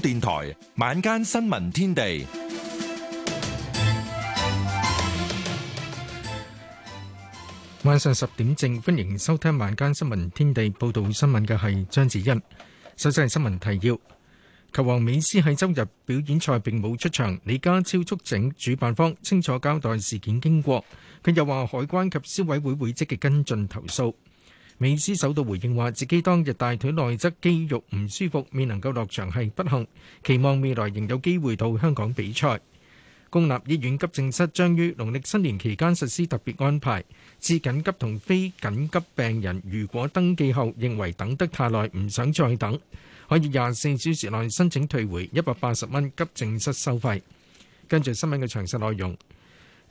電台晚間新聞天地，晚上十點正，歡迎收聽晚間新聞天地。報道新聞嘅係張子欣。首先係新聞提要：球王美斯喺周日表演賽並冇出場，李家超促請主辦方清楚交代事件經過，佢又話海關及消委會會積極跟進投訴。美斯首度回應話，自己當日大腿內側肌肉唔舒服，未能夠落場係不幸，期望未來仍有機會到香港比賽。公立醫院急症室將於農曆新年期間實施特別安排，至緊急同非緊急病人，如果登記後認為等得太耐，唔想再等，可以廿四小時內申請退回一百八十蚊急症室收費。跟住新聞嘅詳細內容。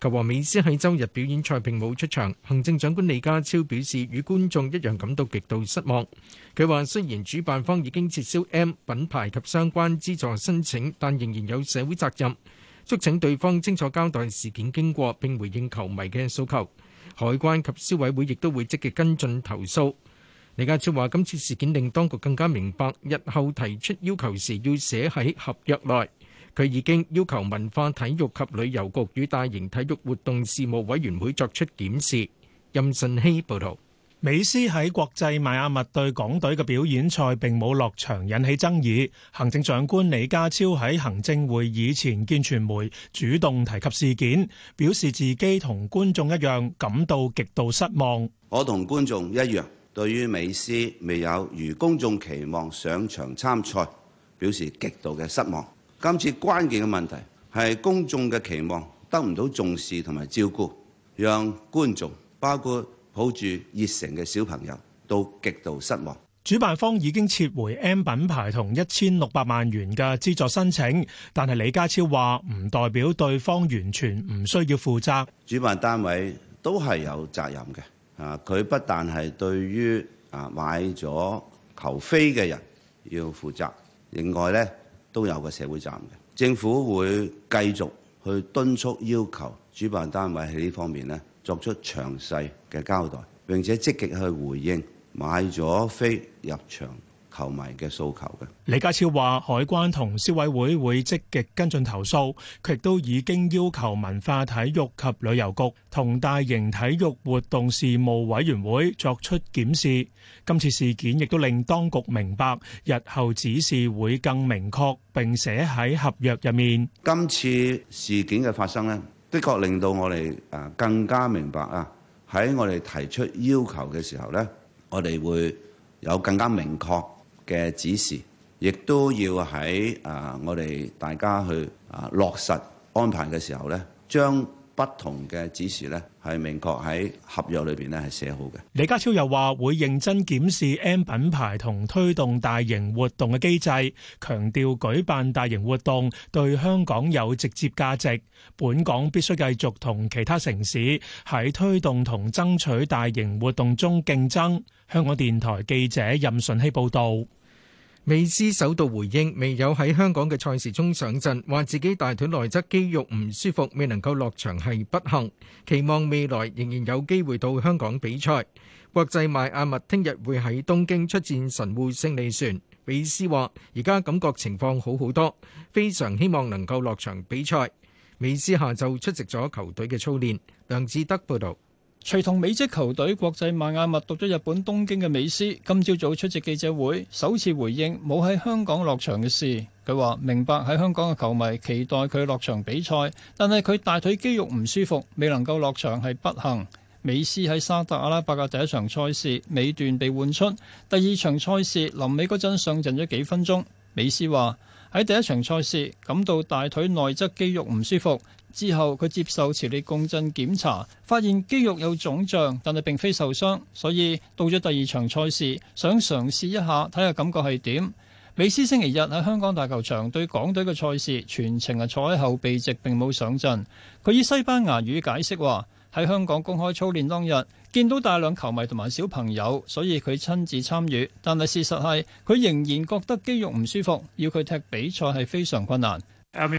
球王美斯喺週日表演賽並冇出場。行政長官李家超表示，與觀眾一樣感到極度失望。佢話：雖然主辦方已經撤銷 M 品牌及相關資助申請，但仍然有社會責任，促請對方清楚交代事件經過並回應球迷嘅訴求。海關及消委會亦都會積極跟進投訴。李家超話：今次事件令當局更加明白，日後提出要求時要寫喺合約內。佢已經要求文化體育及旅遊局與大型體育活動事務委員會作出檢視。任信希報道，美斯喺國際邁阿密對港隊嘅表演賽並冇落場，引起爭議。行政長官李家超喺行政會議前見傳媒，主動提及事件，表示自己同觀眾一樣感到極度失望。我同觀眾一樣，對於美斯未有如公眾期望上場參賽，表示極度嘅失望。今次關鍵嘅問題係公眾嘅期望得唔到重視同埋照顧，讓觀眾包括抱住熱誠嘅小朋友都極度失望。主辦方已經撤回 M 品牌同一千六百萬元嘅資助申請，但係李家超話唔代表對方完全唔需要負責。主辦單位都係有責任嘅，啊，佢不但係對於啊買咗球飛嘅人要負責，另外呢。都有個社會責任，政府會繼續去敦促要求主辦單位喺呢方面咧作出詳細嘅交代，並且積極去回應買咗飛入場球迷嘅訴求嘅，李家超話：海關同消委會會積極跟進投訴，佢亦都已經要求文化體育及旅遊局同大型體育活動事務委員會作出檢視。今次事件亦都令當局明白，日後指示會更明確，並寫喺合約入面。今次事件嘅發生呢，的確令到我哋誒更加明白啊，喺我哋提出要求嘅時候呢，我哋會有更加明確嘅指示，亦都要喺啊，我哋大家去啊落實安排嘅時候咧，將不同嘅指示咧，係明確喺合約裏邊咧，係寫好嘅。李家超又話會認真檢視 M 品牌同推動大型活動嘅機制，強調舉辦大型活動對香港有直接價值，本港必須繼續同其他城市喺推動同爭取大型活動中競爭。香港電台記者任順希報道。美斯首度回應未有喺香港嘅賽事中上陣，話自己大腿內側肌肉唔舒服，未能夠落場係不幸，期望未來仍然有機會到香港比賽。國際邁阿密聽日會喺東京出戰神戶勝利船。美斯話而家感覺情況好好多，非常希望能夠落場比賽。美斯下晝出席咗球隊嘅操練。梁志德報道。隨同美職球隊國際邁阿密讀咗日本東京嘅美斯，今朝早出席記者會，首次回應冇喺香港落場嘅事。佢話明白喺香港嘅球迷期待佢落場比賽，但係佢大腿肌肉唔舒服，未能夠落場係不幸。美斯喺沙特阿拉伯嘅第一場賽事尾段被換出，第二場賽事臨尾嗰陣上陣咗幾分鐘。美斯話。喺第一場賽事感到大腿內側肌肉唔舒服之後，佢接受磁力共振檢查，發現肌肉有腫脹，但係並非受傷，所以到咗第二場賽事想嘗試一下睇下感覺係點。美斯星期日喺香港大球場對港隊嘅賽事，全程係坐喺後備席並冇上陣。佢以西班牙語解釋話：喺香港公開操練當日，見到大量球迷同埋小朋友，所以佢親自參與。但係事實係，佢仍然覺得肌肉唔舒服，要佢踢比賽係非常困難。美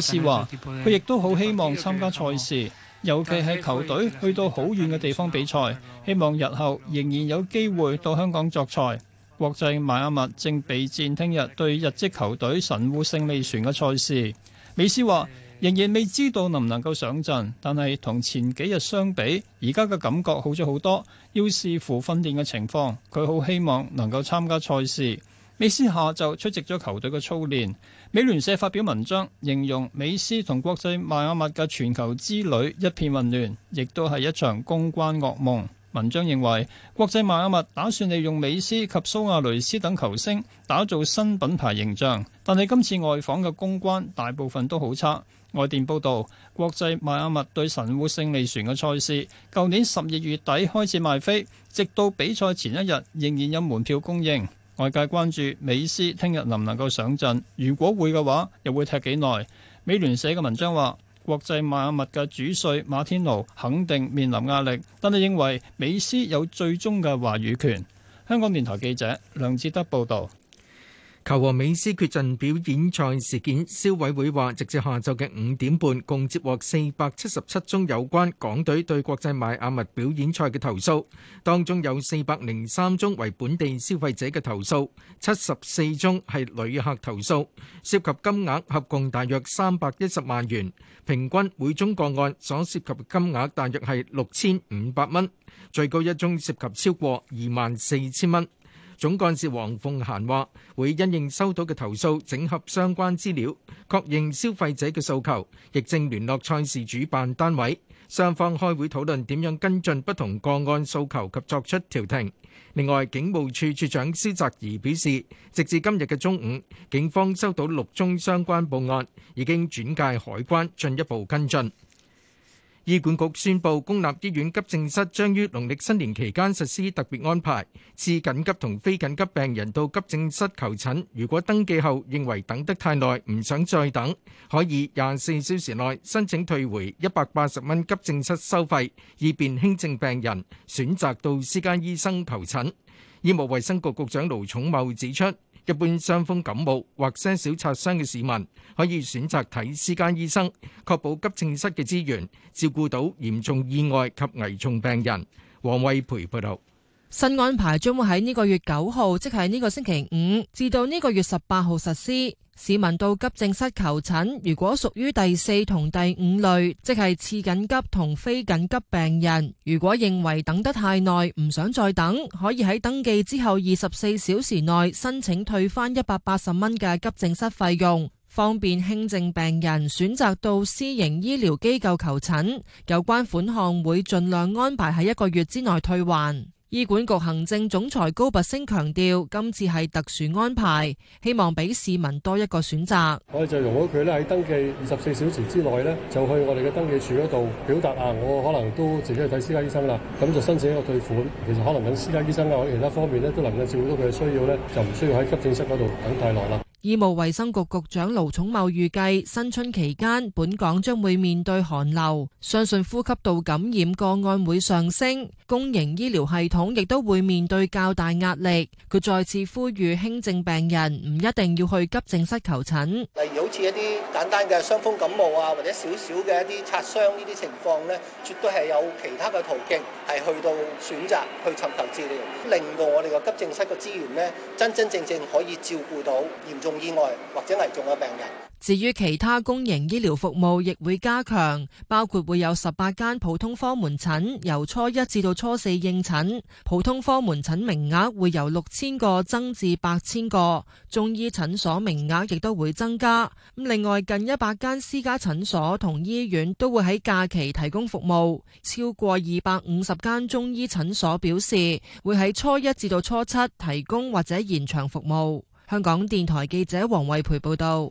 斯話：佢亦都好希望參加賽事，尤其係球隊去到好遠嘅地方比賽，希望日後仍然有機會到香港作賽。國際邁阿密正備戰聽日對日職球隊神戶勝利船嘅賽事，美斯話仍然未知道能唔能夠上陣，但係同前幾日相比，而家嘅感覺好咗好多，要視乎訓練嘅情況。佢好希望能夠參加賽事。美斯下晝出席咗球隊嘅操練。美聯社發表文章形容美斯同國際邁阿密嘅全球之旅一片混亂，亦都係一場公關噩夢。文章認為，國際邁阿密打算利用美斯及蘇亞雷斯等球星打造新品牌形象，但係今次外訪嘅公關大部分都好差。外電報道，國際邁阿密對神戶勝利船嘅賽事，舊年十二月底開始賣飛，直到比賽前一日仍然有門票供應。外界關注美斯聽日能唔能夠上陣，如果會嘅話，又會踢幾耐。美聯社嘅文章話，國際馬物嘅主帥馬天奴肯定面臨壓力，但係認為美斯有最終嘅話語權。香港電台記者梁志德報導。球王美斯缺陣表演賽事件，消委會話直至下晝嘅5點半共接獲477宗有關港隊對國際邁阿密表演賽嘅投訴，當中有403宗為本地消費者嘅投訴，七十四宗係旅客投訴，涉及金額合共大約三百一十萬元，平均每宗個案所涉及金額大約係6500元，最高一宗涉及超過二萬四千蚊。總幹事黃鳳嫻話：會因應收到嘅投訴，整合相關資料，確認消費者嘅訴求，亦正聯絡賽事主辦單位，雙方開會討論點樣跟進不同個案訴求及作出調停。另外，警務處處長蕭澤頤表示，直至今日嘅中午，警方收到六宗相關報案，已經轉介海關進一步跟進。醫管局宣布，公立醫院急症室將於農曆新年期間實施特別安排，次緊急同非緊急病人到急症室求診。如果登記後認為等得太耐，唔想再等，可以廿四小時內申請退回一百八十蚊急症室收費，以便輕症病人選擇到私家醫生求診。醫務衛生局局長盧寵茂指出。一般傷風感冒或些小擦傷嘅市民可以選擇睇私家醫生，確保急症室嘅資源照顧到嚴重意外及危重病人。黃慧培報道，新安排將會喺呢個月九號，即係呢個星期五，至到呢個月十八號實施。市民到急症室求診，如果屬於第四同第五類，即係次緊急同非緊急病人，如果認為等得太耐，唔想再等，可以喺登記之後二十四小時內申請退返一百八十蚊嘅急症室費用，方便輕症病人選擇到私營醫療機構求診。有關款項會盡量安排喺一個月之內退還。醫管局行政總裁高拔升強調，今次係特殊安排，希望俾市民多一個選擇。我哋就容許佢咧喺登記二十四小時之內咧，就去我哋嘅登記處嗰度表達啊，我可能都自己去睇私家醫生啦。咁就申請一個退款。其實可能揾私家醫生啊，或者其他方面咧，都能夠照顧到佢嘅需要咧，就唔需要喺急症室嗰度等太耐啦。醫務衛生局局長盧寵茂預計,新春期間,本港將會面對寒流,相信呼吸道感染個案會上升,公營醫療系統亦都會面對較大壓力,佢再次呼籲輕症病人,唔一定要去急症室求診。例如好似一啲簡單嘅傷風感冒啊,或者少少嘅一啲擦傷呢啲情況咧,絕對係有其他嘅途徑,係去到選擇去尋求治療。令到我哋個急症室嘅資源,真真正正可以照顧到嚴重病。意外或者危重嘅病人。至於其他公營醫療服務亦會加強，包括會有十八間普通科門診由初一至到初四應診，普通科門診名額會由六千個增至八千個，中醫診所名額亦都會增加。咁另外近一百間私家診所同醫院都會喺假期提供服務，超過二百五十間中醫診所表示會喺初一至到初七提供或者延長服務。香港電台記者王慧培報道，《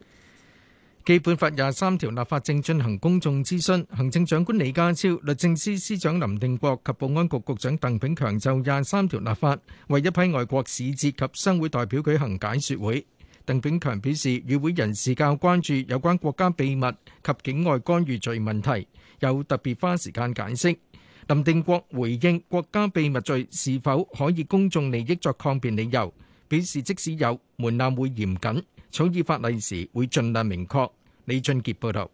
基本法》廿三條立法正進行公眾諮詢，行政長官李家超、律政司司長林定國及保安局局長鄧炳強就廿三條立法為一批外國使節及商會代表舉行解說會。鄧炳強表示，與會人士較關注有關國家秘密及境外干預罪問題，有特別花時間解釋。林定國回應國家秘密罪是否可以公眾利益作抗辯理由。表示即使有門檻會嚴謹，草擬法例時會盡量明確。李俊傑報道，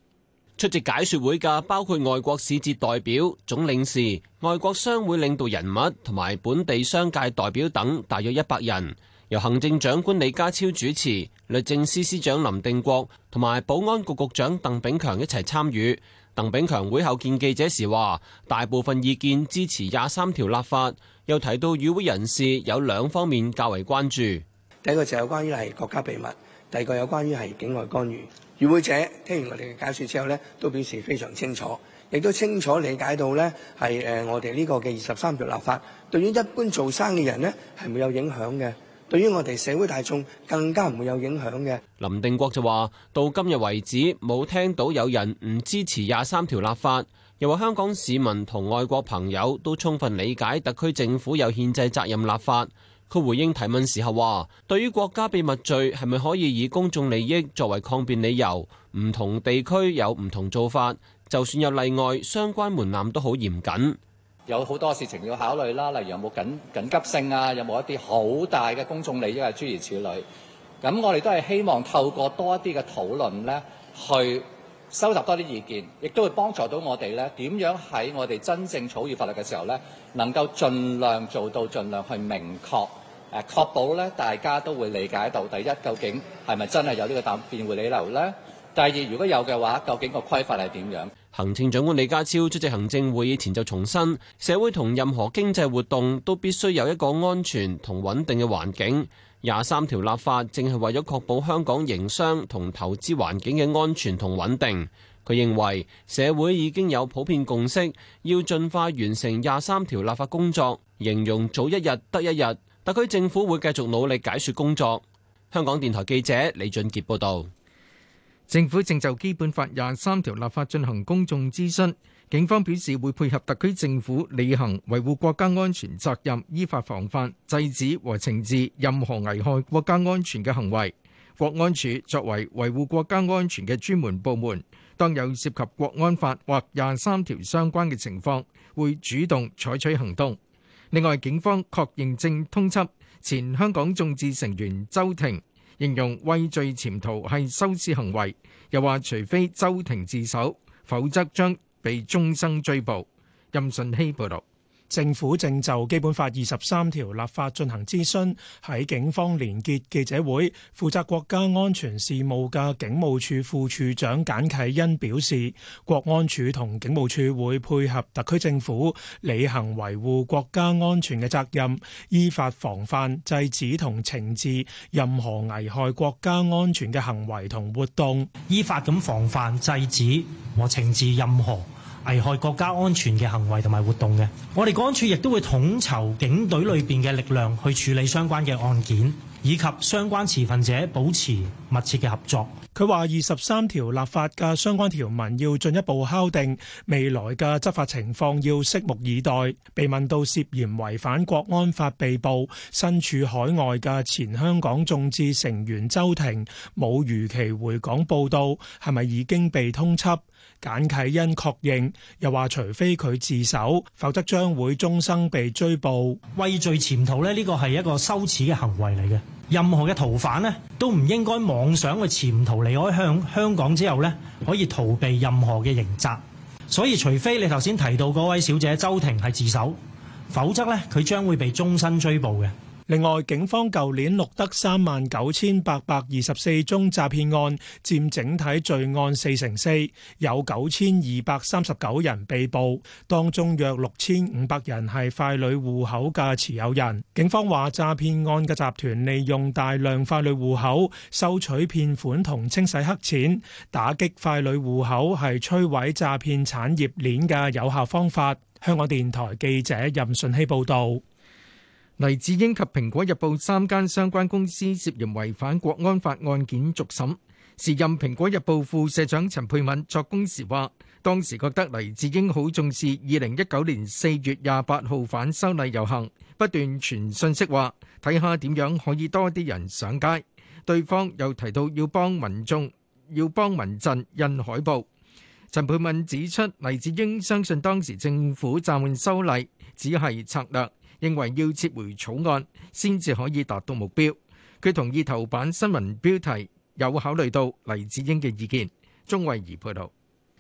出席解説會嘅包括外國使節代表、總領事、外國商會領導人物同埋本地商界代表等，大約一百人。由行政長官李家超主持，律政司司長林定國同埋保安局局長鄧炳強一齊參與。鄧炳強會後見記者時話，大部分意見支持廿三條立法，又提到與會人士有兩方面較為關注。第一個就有關於係國家秘密，第二個有關於係境外干預。與會者聽完我哋嘅解説之後呢，都表示非常清楚，亦都清楚理解到呢係誒我哋呢個嘅二十三條立法對於一般做生意人呢係沒有影響嘅。對於我哋社會大眾更加唔會有影響嘅。林定國就話：到今日為止冇聽到有人唔支持廿三條立法，又話香港市民同外國朋友都充分理解特區政府有憲制責任立法。佢回應提問時候話：對於國家秘密罪係咪可以以公眾利益作為抗辯理由？唔同地區有唔同做法，就算有例外，相關門檻都好嚴謹。有好多事情要考慮啦，例如有冇緊緊急性啊，有冇一啲好大嘅公眾利益啊，諸如此類。咁我哋都係希望透過多一啲嘅討論咧，去收集多啲意見，亦都會幫助到我哋咧，點樣喺我哋真正草擬法律嘅時候咧，能夠盡量做到盡量去明確誒，確保咧大家都會理解到，第一究竟係咪真係有呢個等辯護理由咧？第二，如果有嘅話，究竟個規範係點樣？行政長官李家超出席行政會議前就重申，社會同任何經濟活動都必須有一個安全同穩定嘅環境。廿三條立法正係為咗確保香港營商同投資環境嘅安全同穩定。佢認為社會已經有普遍共識，要盡快完成廿三條立法工作，形容早一日得一日。特區政府會繼續努力解說工作。香港電台記者李俊杰報道。政府正就《基本法》廿三條立法進行公眾諮詢，警方表示會配合特區政府履行維護國家安全責任，依法防範、制止和懲治任何危害國家安全嘅行為。國安處作為維護國家安全嘅專門部門，當有涉及《國安法》或廿三條相關嘅情況，會主動採取行動。另外，警方確認正通緝前香港眾志成員周庭。形容畏罪潛逃係羞恥行為，又話除非周庭自首，否則將被終生追捕。任信熙報導。政府正就《基本法》二十三條立法進行諮詢，喺警方連結記者會，負責國家安全事務嘅警務處副處長簡啟恩表示，國安處同警務處會配合特區政府，履行維護國家安全嘅責任，依法防範、制止同懲治任何危害國家安全嘅行為同活動，依法咁防範、制止和懲治任何。危害國家安全嘅行為同埋活動嘅，我哋公安處亦都會統籌警隊裏邊嘅力量去處理相關嘅案件，以及相關持份者保持密切嘅合作。佢話二十三條立法嘅相關條文要進一步敲定，未來嘅執法情況要拭目以待。被問到涉嫌違反國安法被捕、身處海外嘅前香港眾志成員周庭冇如期回港報到，係咪已經被通緝？簡啟恩確認，又話除非佢自首，否則將會終生被追捕。畏罪潛逃咧，呢個係一個羞恥嘅行為嚟嘅。任何嘅逃犯呢，都唔應該妄想去潛逃離開向香港之後呢，可以逃避任何嘅刑責。所以，除非你頭先提到嗰位小姐周庭係自首，否則呢，佢將會被終身追捕嘅。另外，警方舊年錄得三萬九千八百二十四宗詐騙案，佔整體罪案四成四，有九千二百三十九人被捕，當中約六千五百人係傀儡戶口嘅持有人。警方話，詐騙案嘅集團利用大量傀儡戶口收取騙款同清洗黑錢，打擊傀儡戶口係摧毀詐騙產業鏈嘅有效方法。香港電台記者任順希報導。黎智英及《蘋果日報》三間相關公司涉嫌違反國安法案件續審。時任《蘋果日報》副社長陳佩敏作供時話，當時覺得黎智英好重視2019年4月28號反修例遊行，不斷傳信息話，睇下點樣可以多啲人上街。對方又提到要幫民眾，要幫民陣印海報。陳佩敏指出，黎智英相信當時政府暫緩修例只係策略。認為要撤回草案，先至可以達到目標。佢同意頭版新聞標題有考慮到黎智英嘅意見。鍾慧儀報道，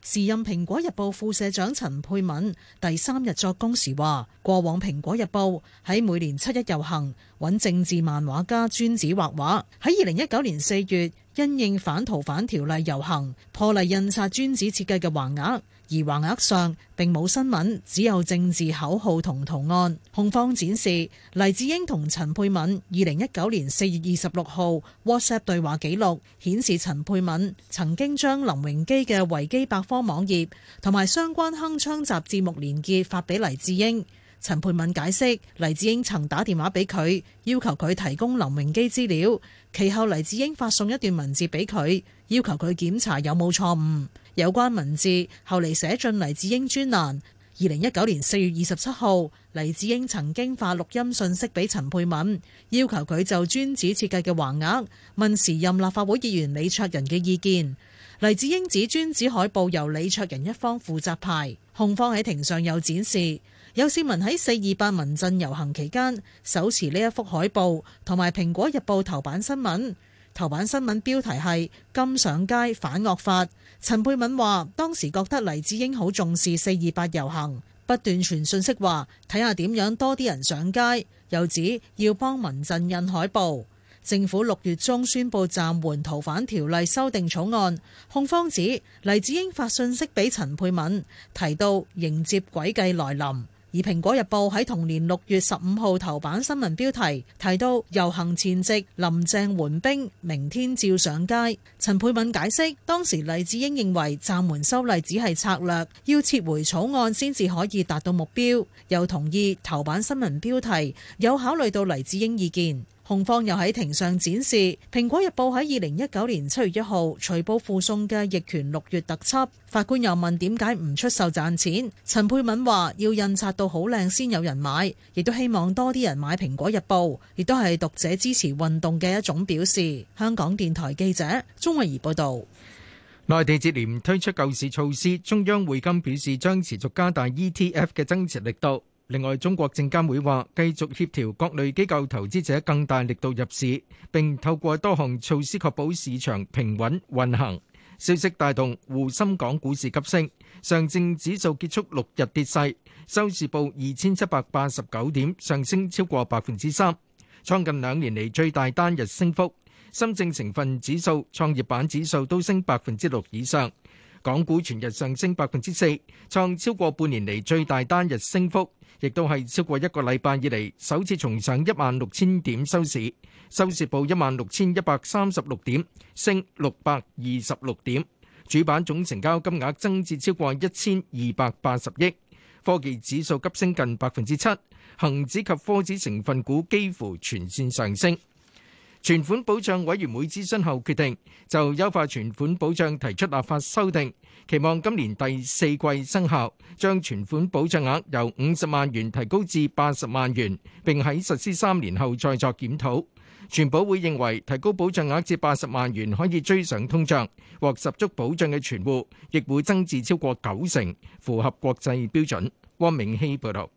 時任蘋果日報副社長陳佩敏第三日作供時話，過往蘋果日報喺每年七一遊行搵政治漫畫家專紙畫畫，喺二零一九年四月因應反逃犯條例遊行破例印刷專紙設計嘅橫額。而橫額上並冇新聞，只有政治口號同圖案。控方展示黎智英同陳佩敏二零一九年四月二十六號 WhatsApp 對話記錄，顯示陳佩敏曾經將林榮基嘅維基百科網頁同埋相關鏗鏘集節目連結發俾黎智英。陳佩敏解釋黎智英曾打電話俾佢，要求佢提供林榮基資料。其後黎智英發送一段文字俾佢，要求佢檢查有冇錯誤。有關文字後嚟寫進黎智英專欄。二零一九年四月二十七號，黎智英曾經發錄音信息俾陳佩敏，要求佢就專紙設計嘅橫額問時任立法會議員李卓人嘅意見。黎智英指專紙海報由李卓人一方負責排。控方喺庭上有展示。有市民喺四二八民陣遊行期間，手持呢一幅海報同埋《蘋果日報》頭版新聞，頭版新聞標題係《金上街反惡法》。陳佩敏話，當時覺得黎智英好重視四二八遊行，不斷傳信息話睇下點樣多啲人上街，又指要幫民陣印海報。政府六月中宣布暫緩逃犯條例修訂草案，控方指黎智英發信息俾陳佩敏，提到迎接詭計來臨。而《蘋果日報》喺同年六月十五號頭版新聞標題提到遊行前夕林鄭緩兵，明天照上街。陳佩敏解釋當時黎智英認為暫緩修例只係策略，要撤回草案先至可以達到目標，又同意頭版新聞標題有考慮到黎智英意見。控方又喺庭上展示《蘋果日報》喺二零一九年七月一號隨報附送嘅《逆權六月特輯》。法官又問：點解唔出售賺錢？陳佩敏話：要印刷到好靚先有人買，亦都希望多啲人買《蘋果日報》，亦都係讀者支持運動嘅一種表示。香港電台記者鍾慧儀報道。內地接連推出救市措施，中央匯金表示將持續加大 ETF 嘅增持力度。另外，中國證監會話繼續協調各類機構投資者更大力度入市，並透過多項措施確保市場平穩運行。消息帶動滬深港股市急升，上證指數結束六日跌勢，收市報二千七百八十九點，上升超過百分之三，創近兩年嚟最大單日升幅。深證成分指數、創業板指數都升百分之六以上。港股全日上升百分之四，創超過半年嚟最大單日升幅，亦都係超過一個禮拜以嚟首次重上一萬六千點收市，收市報一萬六千一百三十六點，升六百二十六點，主板總成交金額增至超過一千二百八十億，科技指數急升近百分之七，恒指及科指成分股幾乎全線上升。存款保障委員會諮詢後決定，就優化存款保障提出立法修訂，期望今年第四季生效，將存款保障額由五十萬元提高至八十萬元，並喺實施三年後再作檢討。存保會認為提高保障額至八十萬元可以追上通脹，獲十足保障嘅存戶亦會增至超過九成，符合國際標準。汪明熙報道。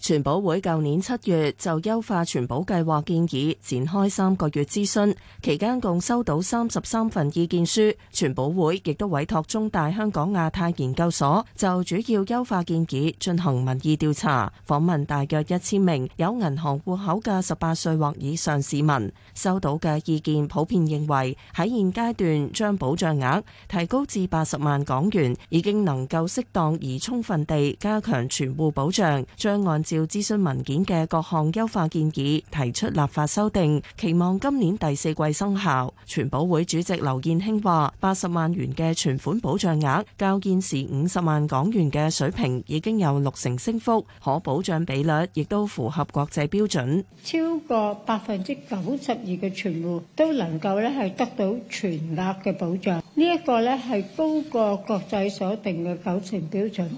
存保會舊年七月就優化存保計劃建議展開三個月諮詢，期間共收到三十三份意見書。存保會亦都委託中大香港亞太研究所就主要優化建議進行民意調查，訪問大約一千名有銀行戶口嘅十八歲或以上市民。收到嘅意見普遍認為，喺現階段將保障額提高至八十萬港元，已經能夠適當而充分地加強存戶保障。將按照諮詢文件嘅各項優化建議提出立法修訂，期望今年第四季生效。存保會主席劉建興話，八十萬元嘅存款保障額，較現時五十萬港元嘅水平，已經有六成升幅，可保障比率亦都符合國際標準。超過百分之九十二嘅存戶都能夠咧係得到全額嘅保障，呢一個咧係高過國際所定嘅九成標準。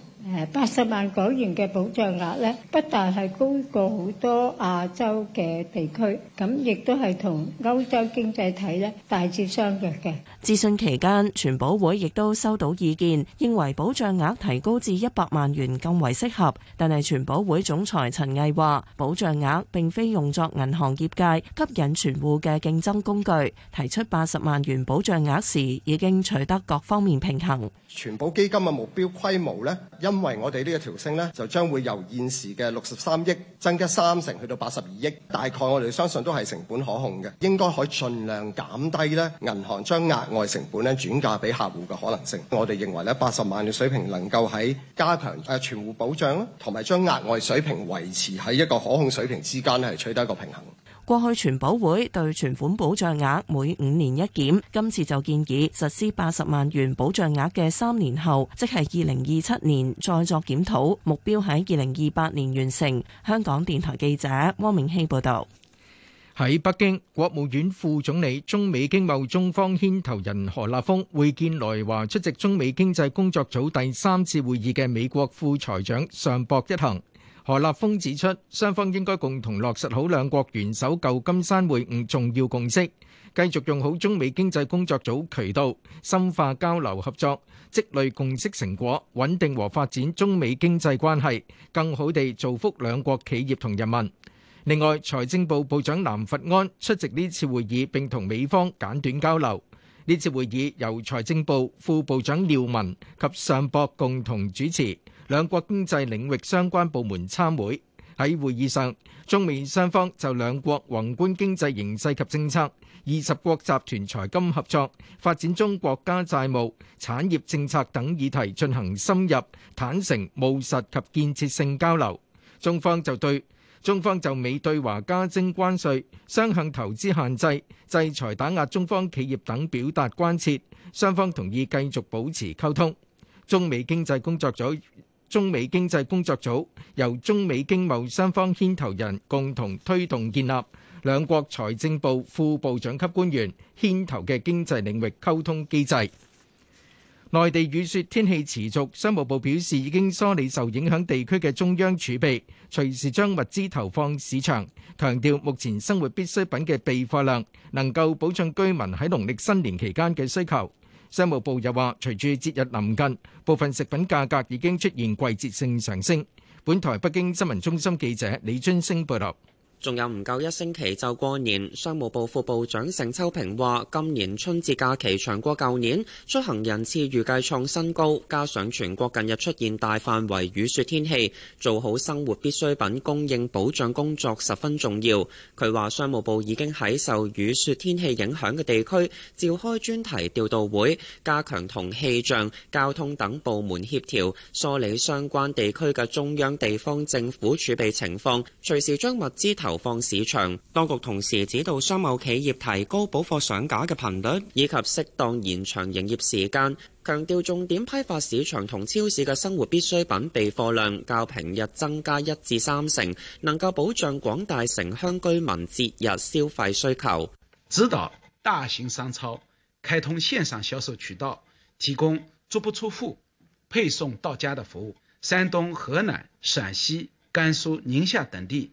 80萬港元嘅保障額呢，不但係高過好多亞洲嘅地區，咁亦都係同歐洲經濟體呢大致相若嘅。諮詢期間，全保會亦都收到意見，認為保障額提高至100萬元更為適合。但係全保會總裁陳毅話，保障額並非用作銀行業界，吸引存戶嘅競爭工具，提出80萬元保障額時，已經取得各方面平衡。全保基金嘅目標規模呢？因為我哋呢個調升呢，就將會由現時嘅六十三億增加三成，去到八十二億。大概我哋相信都係成本可控嘅，應該可以盡量減低呢，銀行將額外成本咧轉嫁俾客戶嘅可能性。我哋認為呢，八十萬嘅水平能夠喺加強誒存戶保障同埋將額外水平維持喺一個可控水平之間，係取得一個平衡。過去存保會對存款保障額每五年一檢，今次就建議實施八十萬元保障額嘅三年後，即係二零二七年再作檢討，目標喺二零二八年完成。香港電台記者汪明希報道。喺北京，國務院副總理、中美經貿中方牽頭人何立峰會見來華出席中美經濟工作組第三次會議嘅美國副財長尚博一行。何立峰指出，雙方應該共同落實好兩國元首舊金山會晤重要共識，繼續用好中美經濟工作組渠道，深化交流合作，積累共識成果，穩定和發展中美經濟關係，更好地造福兩國企業同人民。另外，財政部部長藍佛安出席呢次會議並同美方簡短交流。呢次會議由財政部副部長廖文及尚博共同主持。兩國經濟領域相關部門參會。喺會議上，中美雙方就兩國宏觀經濟形勢及政策、二十國集團財金合作、發展中國家債務、產業政策等議題進行深入、坦誠、務實及建設性交流。中方就對中方就美對華加徵關稅、雙向投資限制、制裁打壓中方企業等表達關切，雙方同意繼續保持溝通。中美經濟工作組。中美經濟工作組由中美經貿三方牽頭人共同推動建立，兩國財政部副部長級官員牽頭嘅經濟領域溝通機制。內地雨雪天氣持續，商務部表示已經梳理受影響地區嘅中央儲備，隨時將物資投放市場，強調目前生活必需品嘅備貨量能夠保障居民喺農曆新年期間嘅需求。商務部又話，隨住節日臨近，部分食品價格已經出現季節性上升。本台北京新聞中心記者李俊升報道。仲有唔夠一星期就過年，商務部副部長盛秋平話：今年春節假期長過舊年，出行人次預計創新高。加上全國近日出現大範圍雨雪天氣，做好生活必需品供應保障工作十分重要。佢話：商務部已經喺受雨雪天氣影響嘅地區召開專題調度會，加強同氣象、交通等部門協調，梳理相關地區嘅中央地方政府儲備情況，隨時將物資投投放市場，當局同時指導商貿企業提高補貨上架嘅頻率，以及適當延長營業時間，強調重點批發市場同超市嘅生活必需品備貨量較平日增加一至三成，能夠保障廣大城鄉居民節日消費需求。指導大型商超開通線上銷售渠道，提供足不出戶配送到家的服務。山東、河南、陝西、甘肅、寧夏等地。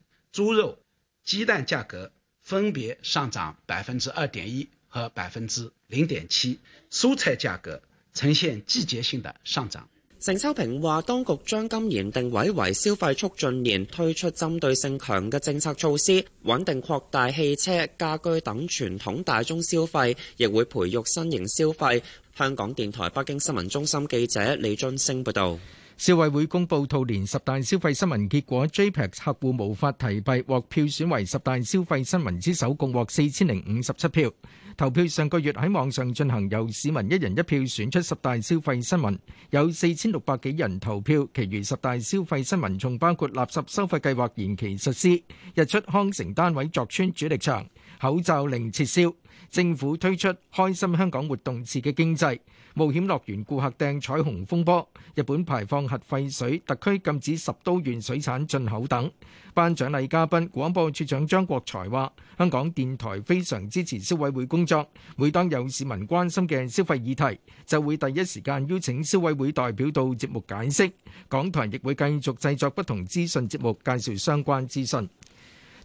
豬肉、雞蛋價格分別上漲百分之二點一和百分之零點七，蔬菜價格呈現季節性的上漲。盛秋平話：當局將今年定位為消費促進年，推出針對性強嘅政策措施，穩定擴大汽車、家居等傳統大宗消費，亦會培育新型消費。香港電台北京新聞中心記者李津星報道。消委會公布兔年十大消費新聞結果，JPEX 客戶無法提幣，獲票選為十大消費新聞之首，共獲四千零五十七票。投票上個月喺網上進行，由市民一人一票選出十大消費新聞，有四千六百幾人投票，其餘十大消費新聞仲包括垃圾收費計劃延期實施、日出康城單位鑿穿主力牆、口罩令撤銷。政府推出開心香港活動刺激經濟，冒險樂園顧客訂彩虹風波，日本排放核廢水，特區禁止十都縣水產進口等。頒獎禮嘉賓，廣播處長張國才話，香港電台非常支持消委會工作，每當有市民關心嘅消費議題，就會第一時間邀請消委會代表到節目解釋。港台亦會繼續製作不同資訊節目，介紹相關資訊。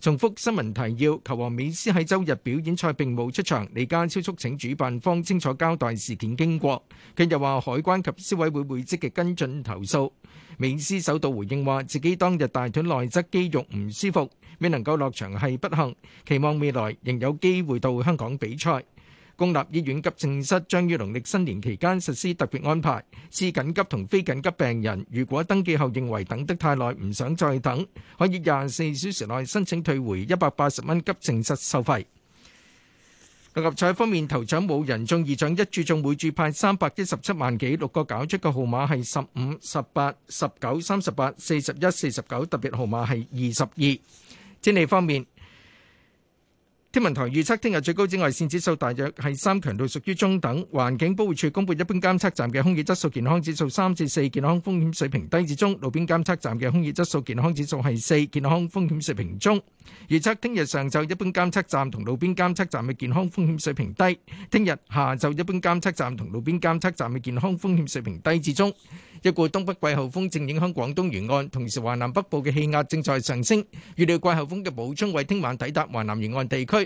重複新聞提要，球王美斯喺周日表演賽並冇出場，李家超促請主辦方清楚交代事件經過。佢又話海關及消委會會積極跟進投訴。美斯首度回應話，自己當日大腿內側肌肉唔舒服，未能夠落場係不幸，期望未來仍有機會到香港比賽。公立醫院急症室將於農曆新年期間實施特別安排，是緊急同非緊急病人，如果登記後認為等得太耐唔想再等，可以廿四小時內申請退回一百八十蚊急症室收費。六合彩方面，頭獎冇人中，二獎一注中，每注派三百一十七萬幾。六個攪出嘅號碼係十五、十八、十九、三十八、四十一、四十九，特別號碼係二十二。天氣方面。天文台預測聽日最高紫外線指數大約係三，強度屬於中等。環境保護署公布一般監測站嘅空氣質素健康指數三至四，健康風險水平低至中；路邊監測站嘅空氣質素健康指數係四，健康風險水平中。預測聽日上晝一般監測站同路邊監測站嘅健康風險水平低；聽日下晝一般監測站同路邊監測站嘅健康風險水平低至中。一股東北季候風正影響廣東沿岸，同時華南北部嘅氣壓正在上升，預料季候風嘅補充會聽晚抵達華南沿岸地區。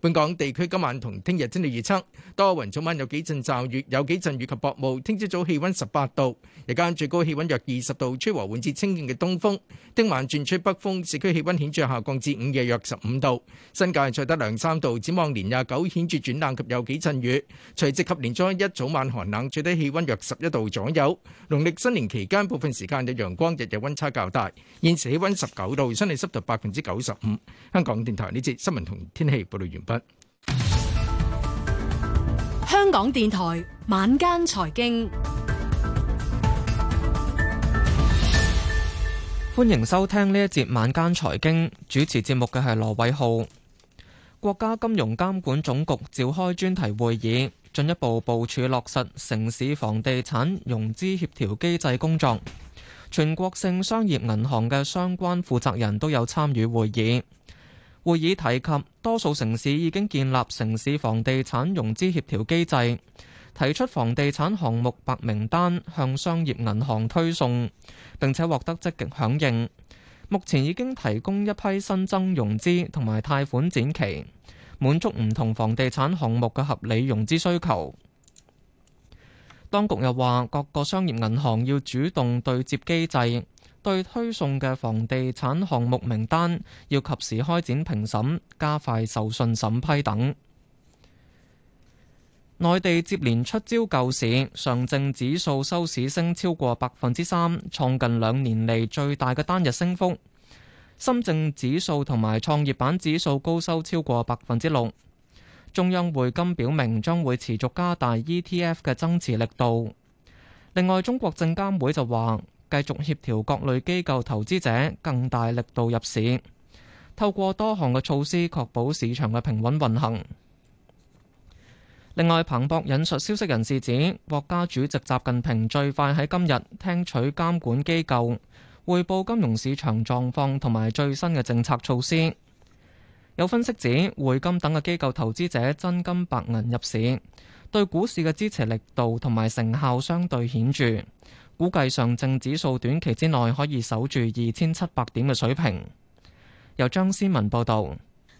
本港地區今晚同聽日天氣預測，多雲，早晚有幾陣驟雨，有幾陣雨及薄霧，聽朝早氣溫十八度，日間最高氣溫約二十度，吹和緩至清勁嘅東風，聽晚轉吹北風，市區氣溫顯著下降至午夜約十五度。新界再得兩三度，展望年廿九顯著轉冷及有幾陣雨。除夕及年初一早晚寒冷，最低氣溫約十一度左右。農曆新年期間部分時間有陽光，日日溫差較大。現時氣溫十九度，相對濕度百分之九十五。香港電台呢節新聞同天氣報道完畢。香港電台晚間財經，歡迎收聽呢一節晚間財經。主持節目嘅係羅偉浩。國家金融監管總局召開專題會議，進一步部署落實城市房地產融資協調機制工作。全國性商業銀行嘅相關負責人都有參與會議。會議提及，多數城市已經建立城市房地產融資協調機制，提出房地產項目白名單向商業銀行推送，並且獲得積極響應。目前已經提供一批新增融資同埋貸款展期，滿足唔同房地產項目嘅合理融資需求。當局又話，各個商業銀行要主動對接機制。對推送嘅房地產項目名單，要及時開展評審，加快授信審批等。內地接連出招救市，上證指數收市升超過百分之三，創近兩年嚟最大嘅單日升幅。深證指數同埋創業板指數高收超過百分之六。中央匯金表明將會持續加大 ETF 嘅增持力度。另外，中國證監會就話：繼續協調各類機構投資者更大力度入市，透過多項嘅措施確保市場嘅平穩運行。另外，彭博引述消息人士指，國家主席習近平最快喺今日聽取監管機構匯報金融市場狀況同埋最新嘅政策措施。有分析指，匯金等嘅機構投資者真金白銀入市，對股市嘅支持力度同埋成效相對顯著。估計上證指數短期之內可以守住二千七百點嘅水平。由張思文報道。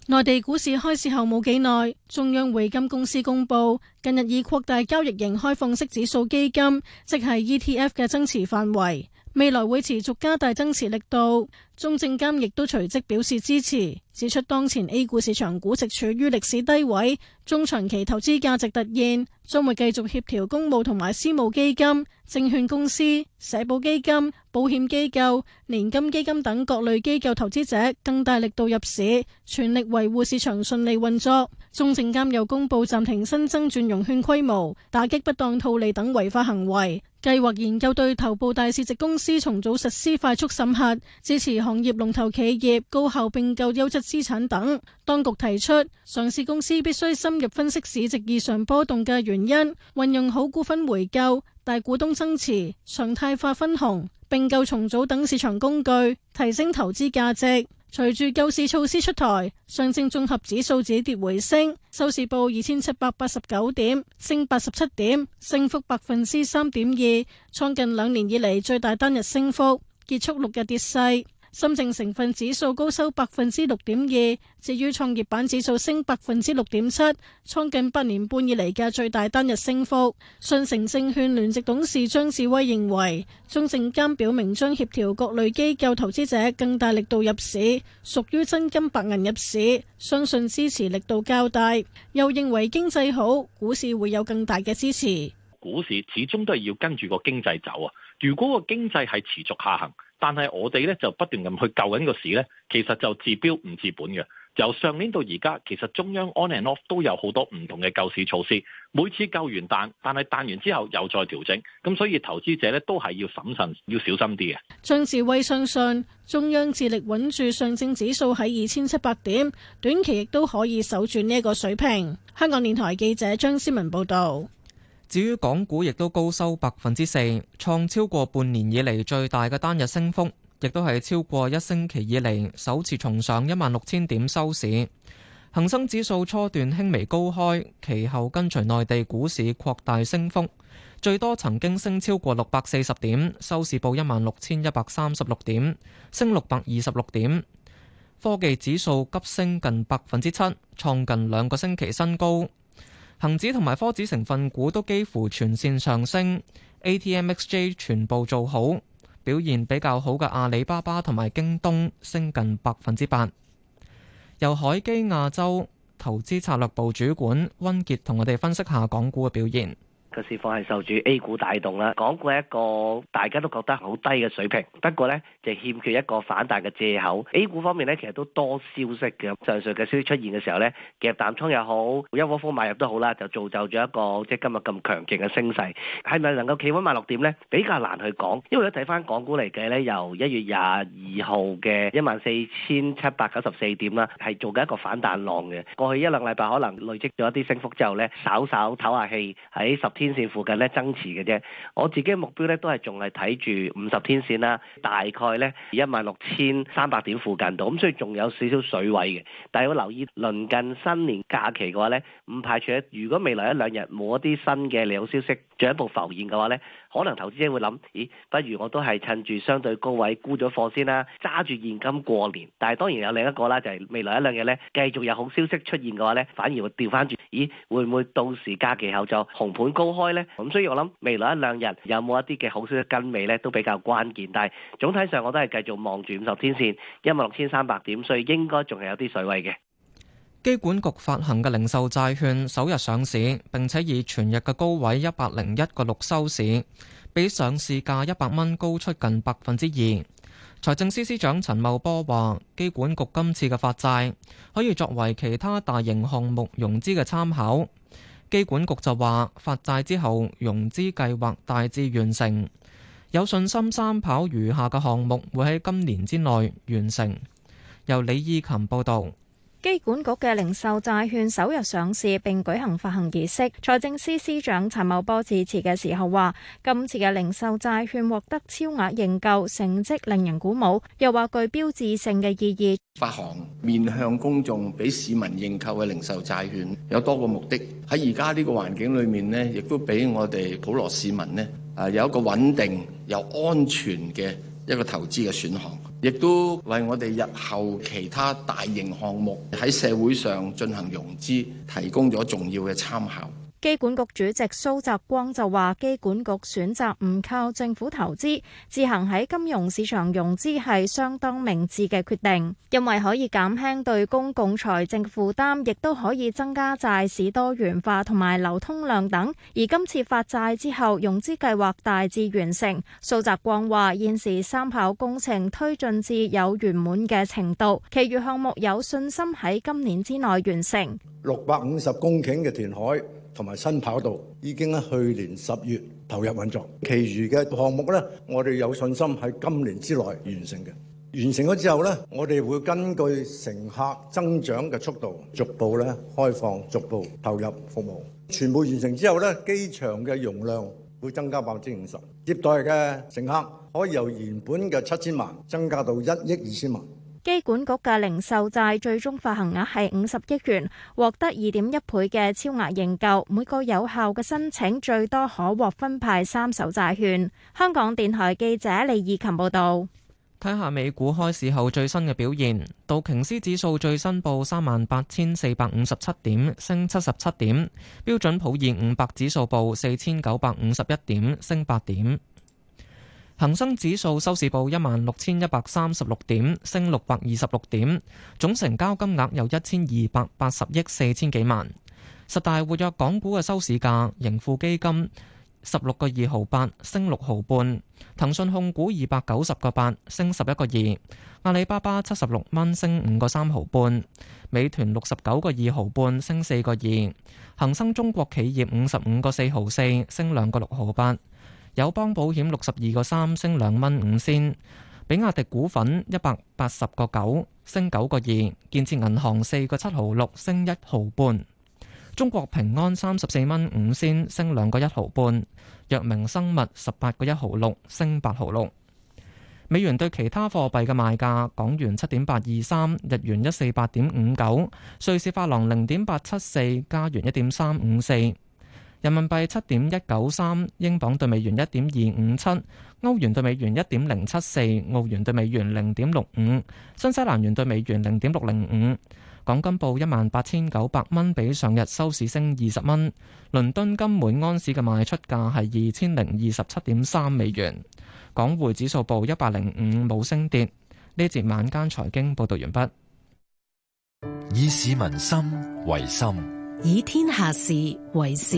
內地股市開市後冇幾耐，中央匯金公司公布，近日已擴大交易型開放式指數基金，即係 ETF 嘅增持範圍。未來會持續加大增持力度，中證監亦都隨即表示支持，指出當前 A 股市場估值處於歷史低位，中長期投資價值凸顯，將會繼續協調公募同埋私募基金、證券公司、社保基金、保險機構、年金基金等各類機構投資者更大力度入市，全力維護市場順利運作。中證監又公佈暫停新增轉融券規模，打擊不當套利等違法行為。計劃研究對頭部大市值公司重組實施快速審核，支持行業龍頭企業高效併購優質資產等。當局提出，上市公司必須深入分析市值異常波動嘅原因，運用好股份回購、大股東增持、常態化分紅、併購重組等市場工具，提升投資價值。隨住救市措施出台，上證綜合指數止跌回升，收市報二千七百八十九點，升八十七點，升幅百分之三點二，創近兩年以嚟最大單日升幅，結束六日跌勢。深證成分指數高收百分之六點二，至於創業板指數升百分之六點七，創近八年半以嚟嘅最大單日升幅。信誠證券聯席董事張志威認為，中證監表明將協調各類機構投資者更大力度入市，屬於真金白銀入市，相信支持力度較大。又認為經濟好，股市會有更大嘅支持。股市始終都係要跟住個經濟走啊！如果個經濟係持續下行。但係我哋咧，就不斷咁去救緊呢個市呢，其實就治標唔治本嘅。由上年到而家，其實中央 on and off 都有好多唔同嘅救市措施。每次救完彈，但係彈完之後又再調整，咁所以投資者呢，都係要審慎，要小心啲嘅。張志威相信，信中央致力穩住上證指數喺二千七百點，短期亦都可以守住呢一個水平。香港電台記者張思文報道。至於港股亦都高收百分之四，創超過半年以嚟最大嘅單日升幅，亦都係超過一星期以嚟首次重上一萬六千點收市。恒生指數初段輕微高開，其後跟隨內地股市擴大升幅，最多曾經升超過六百四十點，收市報一萬六千一百三十六點，升六百二十六點。科技指數急升近百分之七，創近兩個星期新高。恒指同埋科指成分股都幾乎全線上升，ATMXJ 全部做好，表現比較好嘅阿里巴巴同埋京東升近百分之八。由凱基亞洲投資策略部主管温傑同我哋分析下港股嘅表現。市況係受住 A 股帶動啦，港股一個大家都覺得好低嘅水平，不過咧就欠缺一個反彈嘅借口。A 股方面咧，其實都多消息嘅，上述嘅消息出現嘅時候咧，夾淡倉又好，一窩蜂買入都好啦，就造就咗一個即係今日咁強勁嘅升勢。係咪能夠企穩萬六點咧？比較難去講，因為一睇翻港股嚟計咧，由一月廿二號嘅一萬四千七百九十四點啦，係做緊一個反彈浪嘅。過去一兩禮拜可能累積咗一啲升幅之後咧，稍稍唞下氣喺十天。天線附近咧爭持嘅啫，我自己嘅目標咧都係仲係睇住五十天線啦，大概咧一萬六千三百點附近度，咁所以仲有少少水位嘅。但係我留意鄰近新年假期嘅話咧，唔排除如果未來一兩日冇一啲新嘅利好消息，進一步浮現嘅話咧。可能投資者會諗，咦，不如我都係趁住相對高位沽咗貨先啦，啊，揸住現金過年。但係當然有另一個啦，就係、是、未來一兩日咧，繼續有好消息出現嘅話咧，反而會調翻轉。咦，會唔會到時假期後就紅盤高開呢？咁所以我諗未來一兩日有冇一啲嘅好消息跟尾咧，都比較關鍵。但係總體上我都係繼續望住五十天線一萬六千三百點，所以應該仲係有啲水位嘅。機管局發行嘅零售債券首日上市，並且以全日嘅高位一百零一個六收市，比上市價一百蚊高出近百分之二。財政司司長陳茂波話：機管局今次嘅發債可以作為其他大型項目融資嘅參考。機管局就話：發債之後融資計劃大致完成，有信心三跑餘下嘅項目會喺今年之內完成。由李意琴報導。機管局嘅零售債券首日上市，並舉行發行儀式。財政司司長陳茂波致辭嘅時候話，今次嘅零售債券獲得超額認購，成績令人鼓舞，又話具標誌性嘅意義。發行面向公眾俾市民認購嘅零售債券有多個目的。喺而家呢個環境裏面呢，亦都俾我哋普羅市民呢，誒，有一個穩定又安全嘅一個投資嘅選項。亦都為我哋日後其他大型項目喺社會上進行融資提供咗重要嘅參考。機管局主席蘇澤光就話，機管局選擇唔靠政府投資，自行喺金融市場融資係相當明智嘅決定，因為可以減輕對公共財政負擔，亦都可以增加債市多元化同埋流通量等。而今次發債之後，融資計劃大致完成。蘇澤光話，現時三跑工程推進至有圓滿嘅程度，其餘項目有信心喺今年之內完成六百五十公頃嘅填海。同埋新跑道已經喺去年十月投入運作，其餘嘅項目呢，我哋有信心喺今年之內完成嘅。完成咗之後呢，我哋會根據乘客增長嘅速度，逐步咧開放，逐步投入服務。全部完成之後呢，機場嘅容量會增加百分之五十，接待嘅乘客可以由原本嘅七千萬增加到一億二千萬。機管局嘅零售債最終發行額係五十億元，獲得二點一倍嘅超額認購。每個有效嘅申請最多可獲分派三手債券。香港電台記者李義琴報道。睇下美股開市後最新嘅表現，道瓊斯指數最新報三萬八千四百五十七點，升七十七點。標準普爾五百指數報四千九百五十一點，升八點。恒生指數收市報一萬六千一百三十六點，升六百二十六點，總成交金額有一千二百八十億四千幾萬。十大活躍港股嘅收市價，盈富基金十六個二毫八，升六毫半；騰訊控股二百九十個八，升十一個二；阿里巴巴七十六蚊，升五個三毫半；美團六十九個二毫半，升四個二；恒生中國企業五十五個四毫四，升兩個六毫八。友邦保險六十二個三升兩蚊五仙，比亞迪股份一百八十個九升九個二，建設銀行四個七毫六升一毫半，中國平安三十四蚊五仙升兩個一毫半，藥明生物十八個一毫六升八毫六。美元對其他貨幣嘅賣價，港元七點八二三，日元一四八點五九，瑞士法郎零點八七四，加元一點三五四。人民幣七點一九三，英鎊兌美元一點二五七，歐元兌美元一點零七四，澳元兌美元零點六五，新西蘭元兌美元零點六零五。港金報一萬八千九百蚊，比上日收市升二十蚊。倫敦金每安士嘅賣出價係二千零二十七點三美元。港匯指數報一百零五，冇升跌。呢節晚間財經報道完畢。以市民心為心。以天下事為事。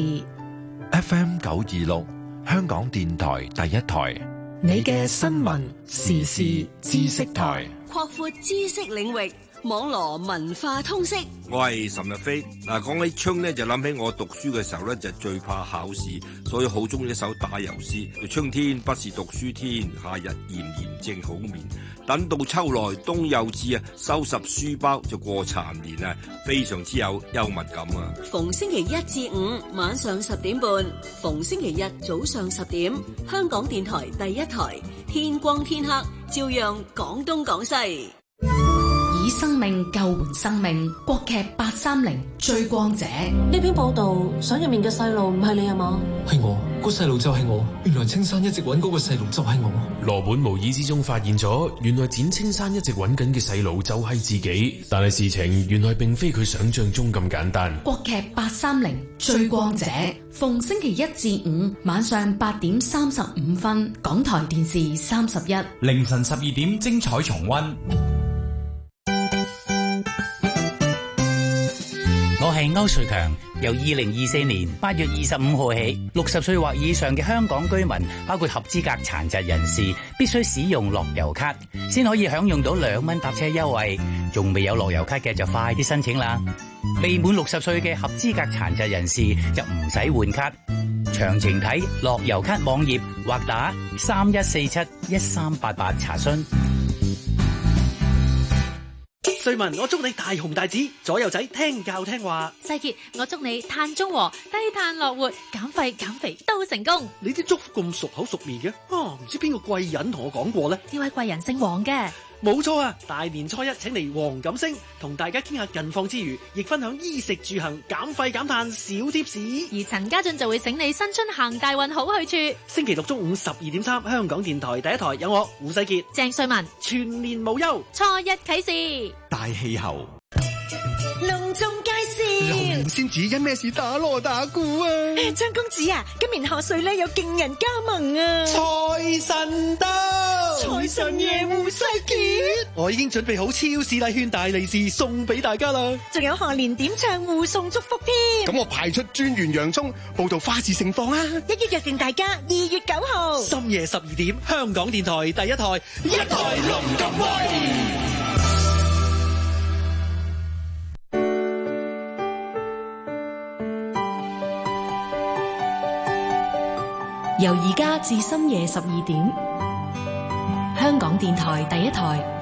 FM 九二六，香港電台第一台。你嘅新聞時事知識台，擴闊知識領域。網羅文化通識，我係岑日飛。嗱，講起春咧，就諗起我讀書嘅時候咧，就最怕考試，所以好中意一首打油詩：春天不是讀書天，夏日炎炎正好眠。等到秋來冬又至啊，收拾書包就過殘年啊，非常之有幽默感啊！逢星期一至五晚上十點半，逢星期日早上十點，香港電台第一台，天光天黑，照樣講東講西。生命救援，生命國劇八三零追光者呢篇報道，相入面嘅細路唔係你啊？嘛係我，個細路就係我。原來青山一直揾嗰個細路就係我。羅本無意之中發現咗，原來展青山一直揾緊嘅細路就係自己。但係事情原來並非佢想象中咁簡單。國劇八三零追光者，逢星期一至五晚上八點三十五分，港台電視三十一，凌晨十二點精彩重溫。係歐瑞強。由二零二四年八月二十五號起，六十歲或以上嘅香港居民，包括合資格殘疾人士，必須使用樂悠咭，先可以享用到兩蚊搭車優惠。仲未有樂悠咭嘅就快啲申請啦。未滿六十歲嘅合資格殘疾人士就唔使換卡。詳情睇樂悠咭網頁或打三一四七一三八八查詢。瑞文，我祝你大紅大紫，左右仔聽教聽話。細傑，我祝你碳中和，低碳樂活，減肥減肥，減肥都成功。你啲祝福咁熟口熟面嘅，啊、哦，唔知邊個貴人同我講過咧？呢位貴人姓黃嘅。冇錯啊！大年初一請嚟黃錦星同大家傾下近況之餘，亦分享衣食住行減費減碳小貼士。而陳家俊就會醒你新春行大運好去處。星期六中午十二點三，香港電台第一台有我胡世傑、鄭瑞文，全年無憂。初一啟事，大氣候隆重介紹。紅仙子因咩事打鑼打鼓啊？張公子啊，今年賀歲咧有勁人加盟啊！財神到，財神爺胡世杰，我已經準備好超市禮券大利是送俾大家啦！仲有賀年點唱互送祝福篇，啊，咁我排出專員洋蔥報道花市盛況啊！一一約定大家二月九號深夜十二點，香港電台第一台一台龍金輝。由而家至深夜十二點，香港電台第一台。